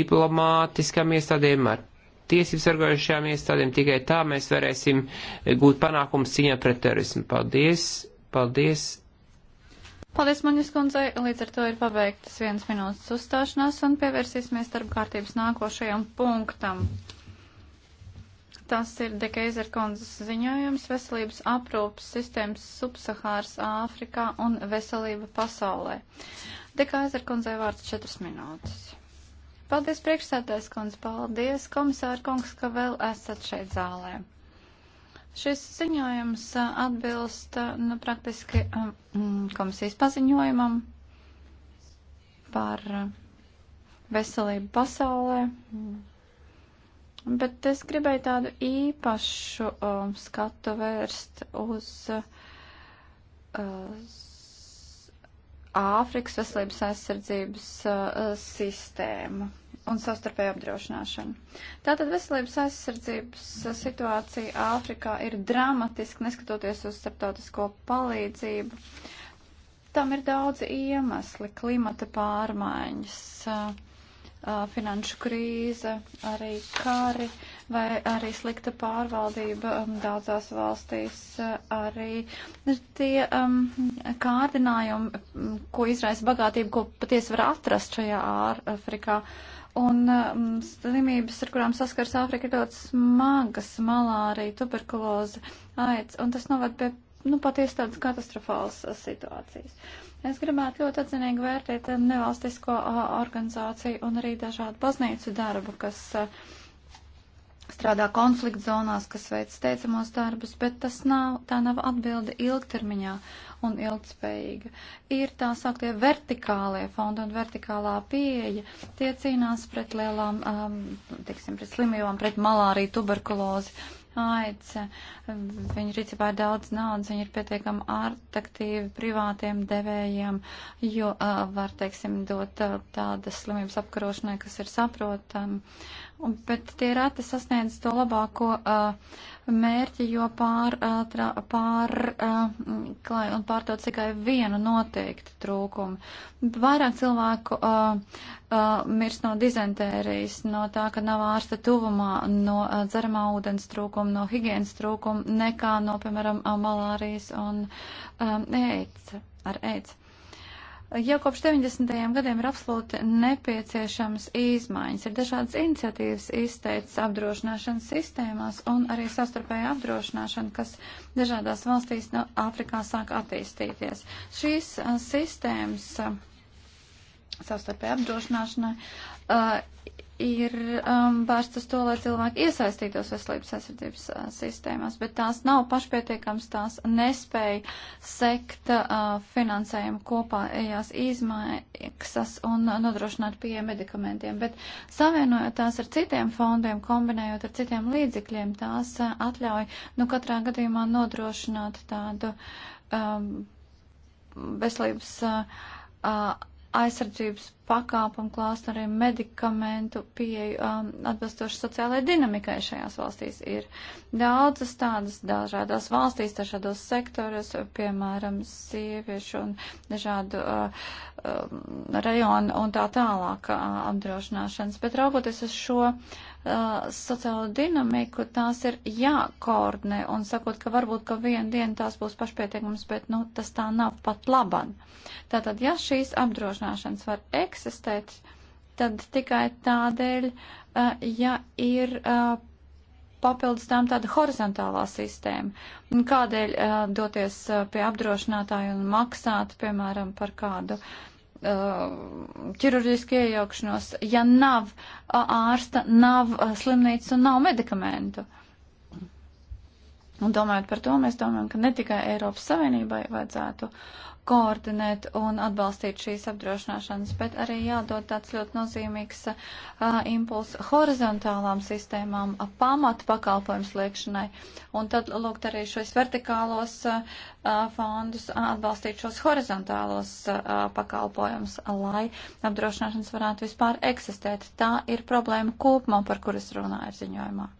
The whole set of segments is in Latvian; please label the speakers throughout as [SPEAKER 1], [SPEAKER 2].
[SPEAKER 1] diplomātiskām iestādēm, ar tiesību sargojušajām iestādēm. Tikai tā mēs varēsim gūt panākumus cīņā pret terorismu. Paldies! Paldies!
[SPEAKER 2] Paldies, Maņas kundzei! Līdz ar to ir pabeigtas viens minūtes uzstāšanās un pievērsīsimies darba kārtības nākošajam punktam. Tas ir Dekeizer kundzes ziņojums veselības aprūpas sistēmas subsahāras Āfrikā un veselība pasaulē. Dekeizer kundzei vārds četras minūtes. Paldies, priekšsētājs kundze, paldies, komisāra kungs, ka vēl esat šeit zālē. Šis ziņojums atbilst nu, praktiski komisijas paziņojumam par veselību pasaulē. Bet es gribēju tādu īpašu um, skatu vērst uz Āfrikas uh, veselības aizsardzības uh, sistēmu un sastarpēju apdrošināšanu. Tātad veselības aizsardzības situācija Āfrikā ir dramatiska, neskatoties uz starptautisko palīdzību. Tam ir daudzi iemesli - klimata pārmaiņas, finanšu krīze, arī kari vai arī slikta pārvaldība daudzās valstīs, arī tie um, kārdinājumi, ko izraisa bagātība, ko patiesi var atrast šajā Āfrikā. Uh, Un um, slimības, ar kurām saskars Āfrika, ir ļoti smagas - malārija, tuberkuloze, aids, un tas novad pie nu, patiesi tādas katastrofālas uh, situācijas. Es gribētu ļoti atzinīgi vērtēt uh, nevalstisko uh, organizāciju un arī dažādu baznīcu darbu, kas strādā konflikt zonās, kas veic steidzamos darbus, bet tas nav, tā nav atbilde ilgtermiņā un ilgspējīga. Ir tā sauktie vertikālie fondi un vertikālā pieeja. Tie cīnās pret lielām, um, teiksim, pret slimībām, pret malāriju, tuberkulozi. Aic, viņa rīcībā ir daudz naudas, viņa ir pietiekami artaktīvi privātiem devējiem, jo uh, var, teiksim, dot uh, tādas slimības apkarošanai, kas ir saprotam. Um, bet tie reti sasniedz to labāko uh, mērķi, jo pār, uh, pār uh, klai un pārdod tikai vienu noteiktu trūkumu. Vairāk cilvēku uh, uh, mirst no dizentērijas, no tā, ka nav ārsta tuvumā, no uh, dzeramā ūdens trūkuma, no higienas trūkuma, nekā no, piemēram, malārijas un um, ēdz, ar ēdz. Jau kopš 90. gadiem ir absolūti nepieciešams izmaiņas. Ir dažādas iniciatīvas izteicis apdrošināšanas sistēmās un arī sastarpēja apdrošināšana, kas dažādās valstīs no Āfrikā sāk attīstīties. Šīs a, sistēmas sastarpēja apdrošināšanai ir um, vērsts uz to, lai cilvēki iesaistītos veselības aizsardzības uh, sistēmās, bet tās nav pašpietiekams, tās nespēja sekt uh, finansējumu kopējās izmaksas un uh, nodrošināt pie medikamentiem. Bet savienojot tās ar citiem fondiem, kombinējot ar citiem līdzekļiem, tās uh, atļauj nu, katrā gadījumā nodrošināt tādu um, veselības uh, uh aizsardzības pakāpumu klāstariem, medikamentu pieeju um, atbilstoši sociālajai dinamikai šajās valstīs. Ir daudzas tādas dažādās valstīs, dažādos sektoros, piemēram, sieviešu un dažādu uh, uh, rajonu un tā tālāk uh, apdrošināšanas. Bet raugoties uz šo uh, sociālo dinamiku, tās ir jākoordinē un sakot, ka varbūt, ka vienu dienu tās būs pašpietiekams, bet, nu, tas tā nav pat laban. Tātad, ja šīs apdrošināšanas var eksistēt, tad tikai tādēļ, ja ir papildus tām tāda horizontālā sistēma. Un kādēļ doties pie apdrošinātāja un maksāt, piemēram, par kādu ķirurģisku iejaukšanos, ja nav ārsta, nav slimnīcas un nav medikamentu. Un domājot par to, mēs domājam, ka ne tikai Eiropas Savienībai vajadzētu uh, koordinēt un atbalstīt šīs apdrošināšanas, bet arī jādod tāds ļoti nozīmīgs uh, impuls horizontālām sistēmām, uh, pamatu pakalpojums liekšanai. Un tad lūgt arī šos vertikālos uh, fondus atbalstīt šos horizontālos uh, pakalpojumus, lai apdrošināšanas varētu vispār eksistēt. Tā ir problēma kopumā, par kuras runāju ziņojumā.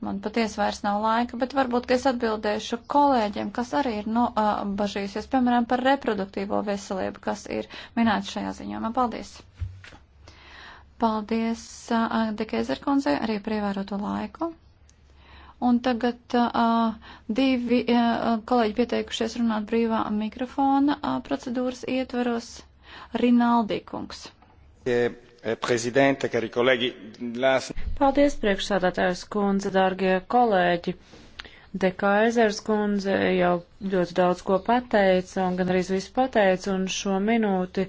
[SPEAKER 2] Man patiesi vairs nav laika, bet varbūt, ka es atbildēšu kolēģiem, kas arī ir nobažījusies, uh, piemēram, par reproduktīvo veselību, kas ir minēts šajā ziņojumā. Paldies! Paldies, uh, Dekēzerkundzei, arī par ievēroto laiku. Un tagad uh, divi uh, kolēģi pieteikušies runāt brīvā mikrofona uh, procedūras ietveros. Rinaldī kungs.
[SPEAKER 1] Yeah. Eh, prezidente, cari kolēģi. Lās...
[SPEAKER 3] Paldies, priekšsādātājs kundze, dārgie kolēģi. Dekaizers kundze jau ļoti daudz ko pateica un gan arī visu pateica, un šo minūti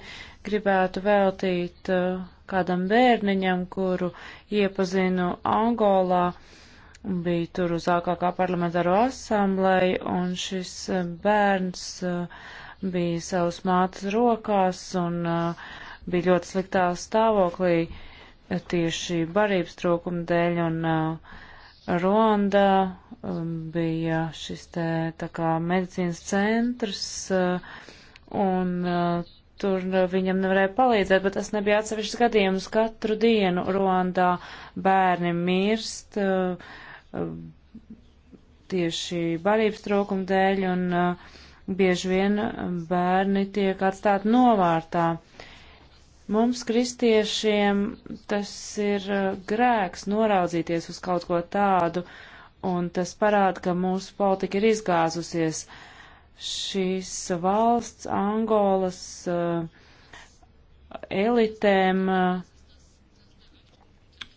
[SPEAKER 3] gribētu veltīt uh, kādam bērniņam, kuru iepazinu Angolā. Bija tur uz ākākā parlamentāro asambleju, un šis eh, bērns uh, bija savas mātes rokās, un uh, bija ļoti sliktā stāvoklī tieši barības trūkuma dēļ, un uh, Ronda um, bija šis te tā kā medicīnas centrs, uh, un uh, tur viņam nevarēja palīdzēt, bet tas nebija atsevišķs gadījums. Katru dienu Rondā bērni mirst uh, tieši barības trūkuma dēļ, un uh, bieži vien bērni tiek atstāti novārtā. Uh, Mums, kristiešiem, tas ir uh, grēks noraudzīties uz kaut ko tādu, un tas parāda, ka mūsu politika ir izgāzusies. Šīs valsts, Angolas uh, elitēm, uh,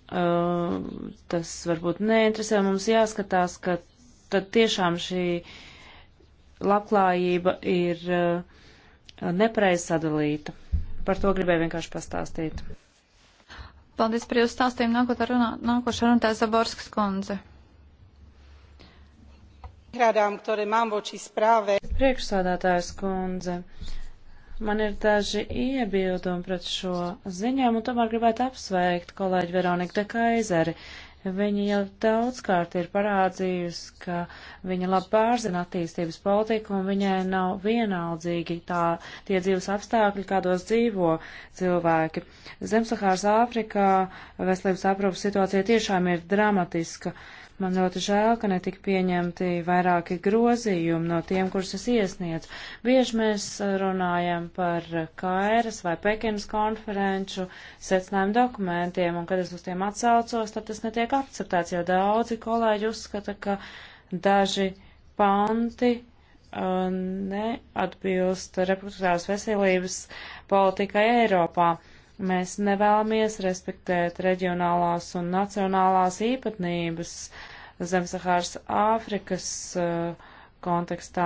[SPEAKER 3] uh tas varbūt neinteresē. Mums jāskatās, ka tad tiešām šī labklājība ir uh, nepareiz sadalīta. Par to gribēju vienkārši pastāstīt.
[SPEAKER 2] Paldies par jūsu stāstījumu. Runā, nākošā runātāja Zaborskas kundze.
[SPEAKER 3] Priekšsādātājs kundze, man ir daži iebildumi pret šo ziņām, un tomēr gribētu apsveikt kolēģi Veroniku de Kaiseri. Viņa jau daudzkārt ir parādījusi, ka viņa labi pārzina attīstības politiku un viņai nav vienaldzīgi tā, tie dzīves apstākļi, kādos dzīvo cilvēki. Zemsahāras Āfrikā veselības aprūpas situācija tiešām ir dramatiska. Uh, Man ļoti žēl, ka netika pieņemti vairāki grozījumi no tiem, kurus es iesniedzu. Bieži mēs runājam par Kairas vai Pekinas konferenču secinājumu dokumentiem, un kad es uz tiem atsaucos, tad tas netiek akceptēts, jo daudzi kolēģi uzskata, ka daži panti uh, neatbilst reproduktīvās veselības politikai Eiropā. Mēs nevēlamies respektēt reģionālās un nacionālās īpatnības Zemsahāras Āfrikas uh, kontekstā.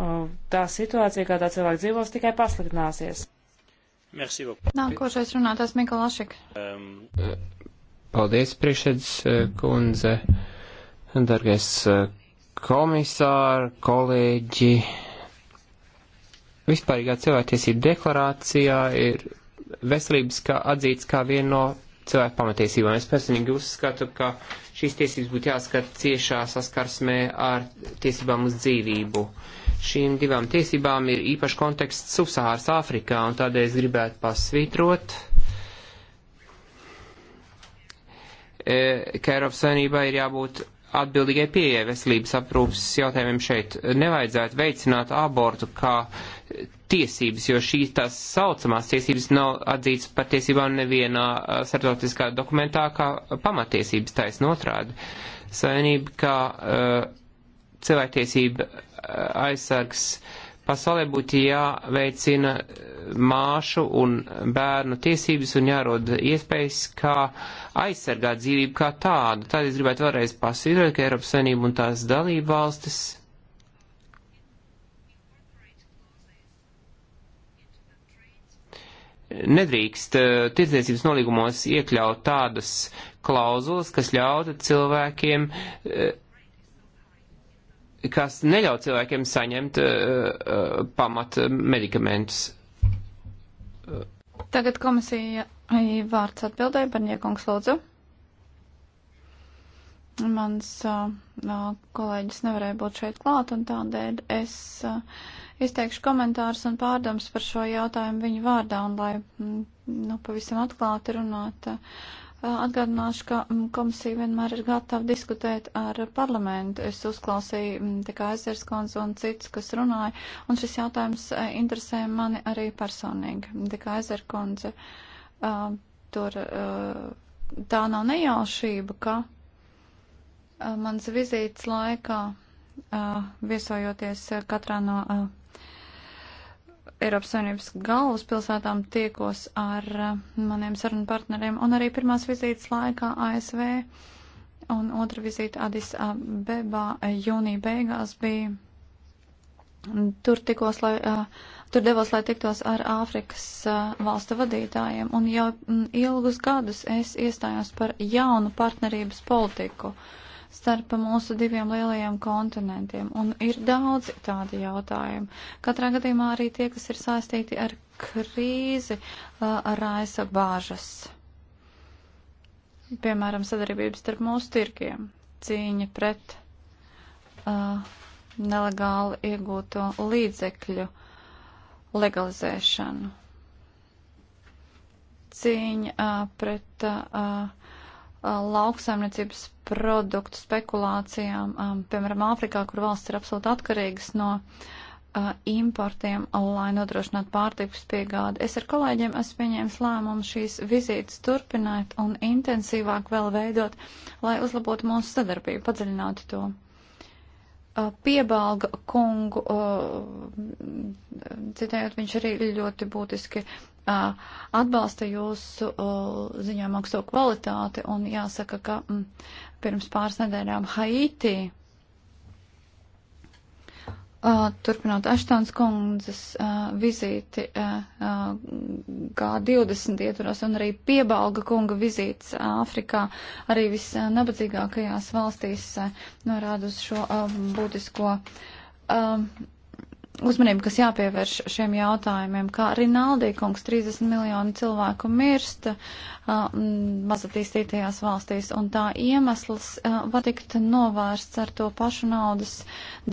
[SPEAKER 3] Uh, tā situācija, kādā cilvēki dzīvos,
[SPEAKER 2] tikai pasliktināsies. Merci beaucoup. Nākošais runātājs Mikola Lašik.
[SPEAKER 1] Um. Paldies, priekšēdz uh, kundze, dargais uh, komisāri, kolēģi. Vispārīgā cilvēktiesība deklarācijā ir veselības kā atzīts kā viena no cilvēku pamatiesībām. Es personīgi uzskatu, ka šīs tiesības būtu jāskata ciešā saskarsmē ar tiesībām uz dzīvību. Šīm divām tiesībām ir īpaši konteksts Subsahāras Āfrikā, un tādēļ es gribētu pasvītrot, e, ka Eiropas Savienībā ir jābūt atbildīgai pieeja veselības aprūpas jautājumiem šeit. Nevajadzētu veicināt abortu kā tiesības, jo šīs tās saucamās tiesības nav atzīts par tiesībām nevienā starptautiskā dokumentā kā pamatiesības taisn otrādi. Savienība kā uh, cilvēktiesība aizsargs uh, Pasaulē būtu jāveicina māšu un bērnu tiesības un jāroda iespējas, kā aizsargāt dzīvību kā tādu. Tad es gribētu vēlreiz pasvītrot, ka Eiropas Savienība un tās dalība valstis nedrīkst uh, tirdzniecības nolīgumos iekļaut tādas klauzulas, kas ļautu cilvēkiem uh, kas neļauj cilvēkiem saņemt uh, uh, pamat medikamentus.
[SPEAKER 2] Tagad komisija eh, vārds atbildēja, Barņiekungs lūdzu. Mans uh, kolēģis nevarēja būt šeit klāt, un tādēļ es uh, izteikšu komentārus un pārdomas par šo jautājumu viņu vārdā, un lai, mm, nu, pavisam atklāti runāt. Uh, Eh, atgādināšu, ka mm, komisija vienmēr ir gatava diskutēt ar parlamentu. Es uzklausīju mm, tikai aizerskons un cits, kas runāja, un šis jautājums eh, interesē mani arī personīgi. Tikai aizerkons, eh, tur tā nav nejaušība, ka mans vizītes laikā viesojoties katrā no Eiropas Savienības galvaspilsētām tiekos ar uh, maniem sarunu partneriem un arī pirmās vizītes laikā ASV un otra vizīte Adis Abebā jūnija beigās bija. Tur, tikos, lai, uh, tur devos, lai tiktos ar Āfrikas uh, valstu vadītājiem, un jau mm, ilgus gadus es iestājos par jaunu partnerības politiku. Uh, starp mūsu diviem lielajiem kontinentiem. Un ir daudz tādi jautājumi. Katrā gadījumā arī tie, kas ir saistīti ar krīzi, raisa bāžas. Piemēram, sadarbības starp mūsu tirkiem, cīņa pret uh, nelegāli iegūto līdzekļu legalizēšanu, cīņa uh, pret uh, Uh, lauksaimniecības produktu spekulācijām, um, piemēram, Āfrikā, kur valsts ir absolūti atkarīgas no uh, importiem, lai nodrošinātu pārtikas piegādi. Es ar kolēģiem esmu pieņēmis lēmumu šīs vizītes turpināt un intensīvāk vēl veidot, lai uzlabotu mūsu sadarbību, padziļinātu to. Uh, piebalga kungu, uh, citējot, viņš arī ļoti būtiski uh, atbalsta jūsu ziņām augsto kvalitāti un jāsaka, ka mm, pirms pāris nedēļām Haiti Uh, turpinot Aštons kundzes uh, vizīti uh, G20 ietvaros un arī piebalga kunga vizītes Āfrikā, arī visnabadzīgākajās valstīs norāda uz šo būtisko um, uzmanību, kas jāpievērš šiem jautājumiem, kā Rinaldī kungs 30 miljonu cilvēku mirst uh, mazatīstītajās valstīs, un tā iemesls uh, var tikt novērsts ar to pašu naudas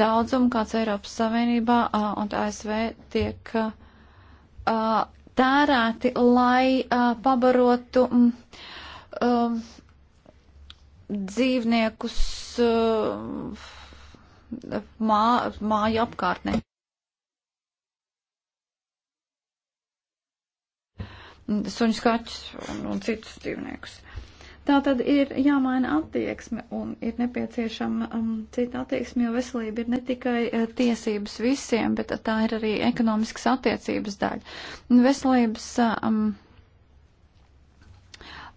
[SPEAKER 2] daudzumu, kāds Eiropas Savienībā uh, un ASV tiek uh, tērēti, lai uh, pabarotu um, uh, dzīvniekus. Uh, mā, māju apkārtnē. suņu skaķus un, un citus dzīvniekus. Tā tad ir jāmaina attieksme un ir nepieciešama um, cita attieksme, jo veselība ir ne tikai uh, tiesības visiem, bet tā ir arī ekonomiskas attiecības daļa. Un veselības eh, um,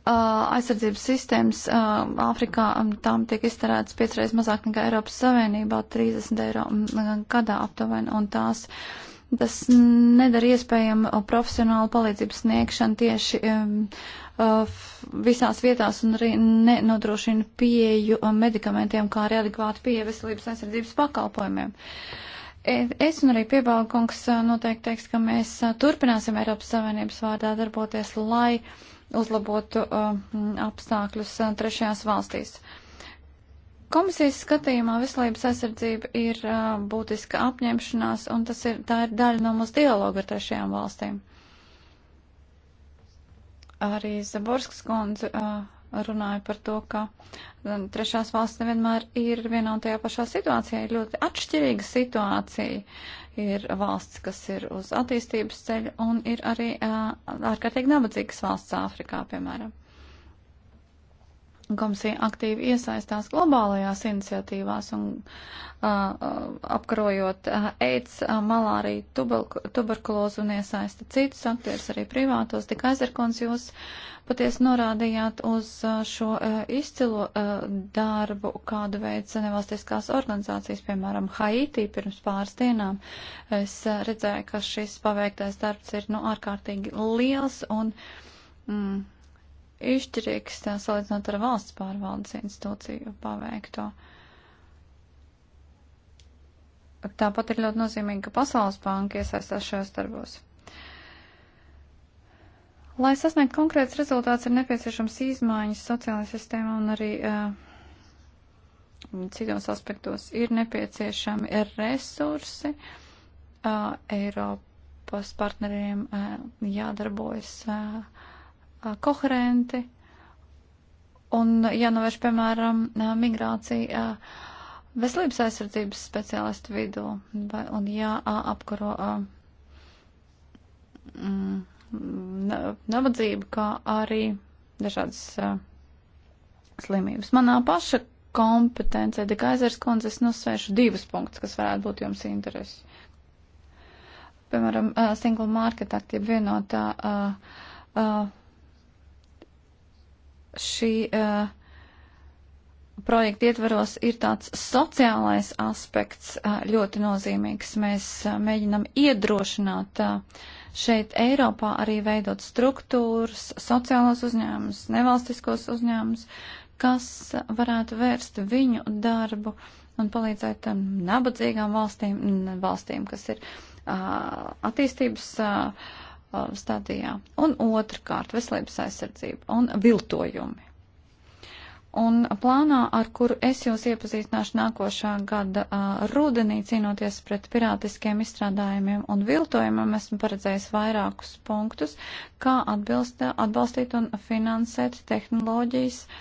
[SPEAKER 2] eh, aizsardzības sistēmas Āfrikā um, tām tiek izterētas piecreiz mazāk nekā Eiropas Savienībā - 30 eiro mm, gadā aptuveni, un tās Tas nedara iespējamu profesionālu palīdzības sniegšanu tieši eh, visās vietās un arī nenodrošina pieju eh, medikamentiem, kā arī adekvātu pieeja veselības aizsardzības pakalpojumiem. E, es un arī piebalgungs eh, noteikti teiks, ka mēs turpināsim Eiropas Savienības vārdā darboties, lai uzlabotu apstākļus trešajās valstīs. Uh, Komisijas skatījumā veselības aizsardzība ir uh, būtiska apņemšanās, un tas ir, tā ir daļa no mūsu dialoga ar trešajām valstīm. Arī Zaborskas kundze uh, runāja par to, ka trešās valsts nevienmēr ir vienā un tajā pašā situācijā. Ir ļoti atšķirīga situācija. Ir valsts, kas ir uz attīstības ceļa, un ir arī uh, ārkārtīgi nabadzīgas valsts Āfrikā, piemēram. Komisija aktīvi iesaistās globālajās iniciatīvās un uh, apkarojot uh, AIDS, uh, malāriju, tuberk tuberkulozu un iesaista citus aktierus arī privātos. Tik aizirkons jūs patiesi norādījāt uz uh, šo uh, izcilo uh, darbu, kādu veids nevalstiskās organizācijas, piemēram, Haitī pirms pāris dienām. Es uh, redzēju, ka šis paveiktais darbs ir nu, ārkārtīgi liels un. Mm, izšķirīgs tā, salīdzinot ar valsts pārvaldes institūciju paveikto. Tāpat ir ļoti nozīmīgi, ka Pasaules banka iesaistās šajos darbos. Lai sasniegtu konkrēts rezultāts, ir nepieciešams izmaiņas sociālajā sistēmā un arī uh, citos aspektos. Ir nepieciešami ir resursi uh, Eiropas partneriem uh, jādarbojas. Uh, koherenti un jānovērš, piemēram, migrācija veselības aizsardzības speciālistu vidū vai, un jāapkaro mm, nabadzību, kā arī dažādas slimības. Manā paša kompetencē, Dekaizers kundze, es nosvēršu divus punktus, kas varētu būt jums interesi. Piemēram, single market act, jeb vienotā uh, uh, šī uh, projekta ietvaros ir tāds sociālais aspekts uh, ļoti nozīmīgs. Mēs uh, mēģinam iedrošināt uh, šeit Eiropā arī veidot struktūras, sociālos uzņēmumus, nevalstiskos uzņēmumus, kas varētu vērst viņu darbu un palīdzēt um, nabadzīgām valstīm, valstīm, kas ir uh, attīstības. Uh, Uh, stadijā. Un otrkārt, veselības aizsardzība un viltojumi. Un plānā, ar kuru es jūs iepazīstināšu nākošā gada uh, rudenī, cīnoties pret pirātiskiem izstrādājumiem un viltojumiem, esmu paredzējis vairākus punktus, kā atbilst, atbalstīt un finansēt tehnoloģijas uh,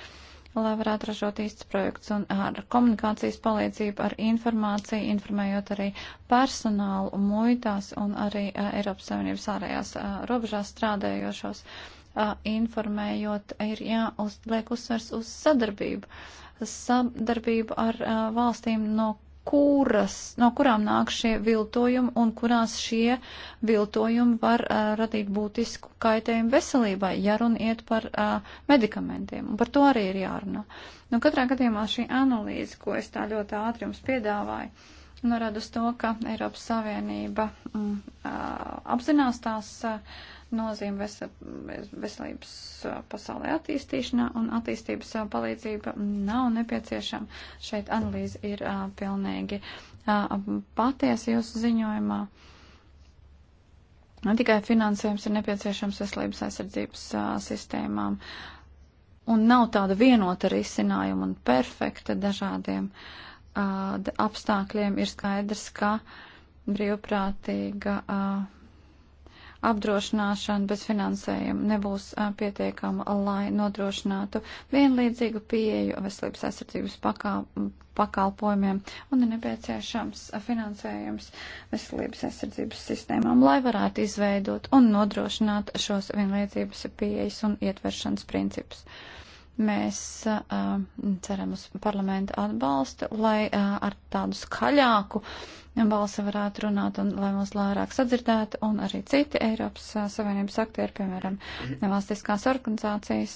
[SPEAKER 2] lai varētu ražot īsts projekts un ar komunikācijas palīdzību, ar informāciju, informējot arī personālu muitās un arī uh, Eiropas Savienības ārējās uh, robežās strādējošos, uh, informējot, ir jāuzliek uzsvers uz sadarbību. Sadarbību ar uh, valstīm, no kuras, no kurām nāk šie viltojumi un kurās šie viltojumi var uh, radīt būtisku kaitējumu veselībai, ja runa iet par uh, medikamentiem. Un par to arī ir jārunā. Nu, katrā gadījumā šī analīze, ko es tā ļoti ātri jums piedāvāju, norāda uz to, ka Eiropas Savienība mm, uh, apzinās tās. Uh, nozīme veselības pasaulē attīstīšanā un attīstības palīdzība nav nepieciešama. Šeit analīze ir pilnīgi patiesa jūsu ziņojumā. Ne tikai finansējums ir nepieciešams veselības aizsardzības sistēmām. Un nav tāda vienota risinājuma un perfekta dažādiem uh, apstākļiem. Ir skaidrs, ka brīvprātīga uh, apdrošināšana bez finansējuma nebūs pietiekama, lai nodrošinātu vienlīdzīgu pieeju veselības aizsardzības pakalpojumiem un ir nepieciešams finansējums veselības aizsardzības sistēmām, lai varētu izveidot un nodrošināt šos vienlīdzības pieejas un ietveršanas principus. Mēs uh, ceram uz parlamentu atbalstu, lai uh, ar tādu skaļāku uh, balsa varētu runāt un lai mūs lārāk sadzirdētu un arī citi Eiropas Savienības aktieri, piemēram, nevalstiskās organizācijas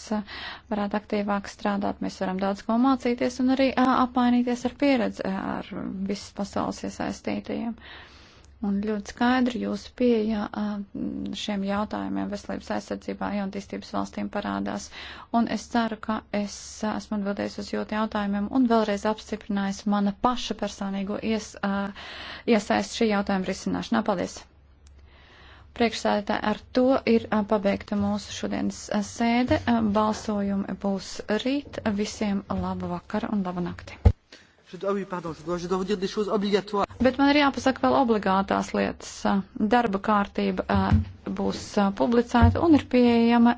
[SPEAKER 2] varētu aktīvāk strādāt. Mēs varam daudz ko mācīties un arī apmainīties ar pieredzi ar visas pasaules iesaistītajiem. Ja Un ļoti skaidri jūsu pieeja šiem jautājumiem veselības aizsardzībā jaunatīstības valstīm parādās. Un es ceru, ka es esmu atbildējis uz jūtu jautājumiem un vēlreiz apstiprinājis mana paša personīgo ies, iesaist šī jautājuma risināšanā. Paldies! Priekšsēdētāji, ar to ir pabeigta mūsu šodienas sēde. Balsojumi būs rīt. Visiem laba vakara un laba nakti! Ah Bet man ir jāpasaka vēl obligātās lietas. Darba kārtība eh, būs eh, publicēta un ir pieejama